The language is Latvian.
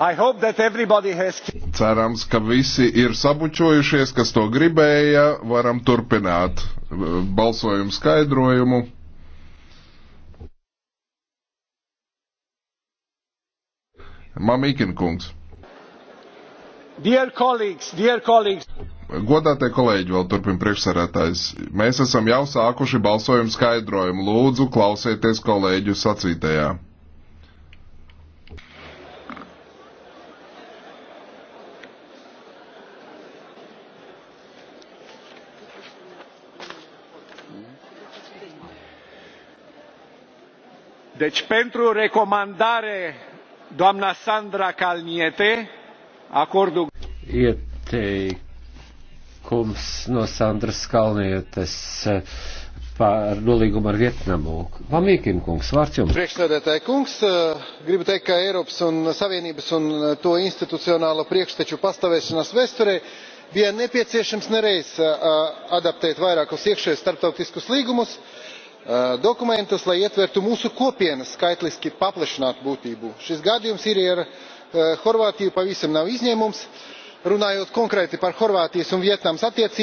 Has... Cerams, ka visi ir sabučojušies, kas to gribēja. Varam turpināt uh, balsojumu skaidrojumu. Mamīkin kungs. Dear colleagues, dear colleagues. Godātie kolēģi, vēl turpina priekšsarētājs. Mēs esam jau sākuši balsojumu skaidrojumu. Lūdzu, klausieties kolēģu sacītajā. deci pentru recomandare doamna Sandra Kalniete, acordul... Ieteikums no Sandras Kalnietes par nolīgumu ar Vietnamu. Pamīkin kungs, vārds jums. Priekšsēdētāji kungs, eh, gribu teikt, ka Eiropas un Savienības un eh, to institucionālo priekšteču pastāvēšanas vēsturē bija nepieciešams nereiz eh, adaptēt vairākus iekšējos starptautiskus līgumus Eh, dokumentus lai ietvertu mūsu kopienas skaitliski paplašinātu būtību. šis gadījums ir ar eh, horvātiju pavisam nav izņēmums. runājot konkrēti par horvātijas un vjetnamas attiecībām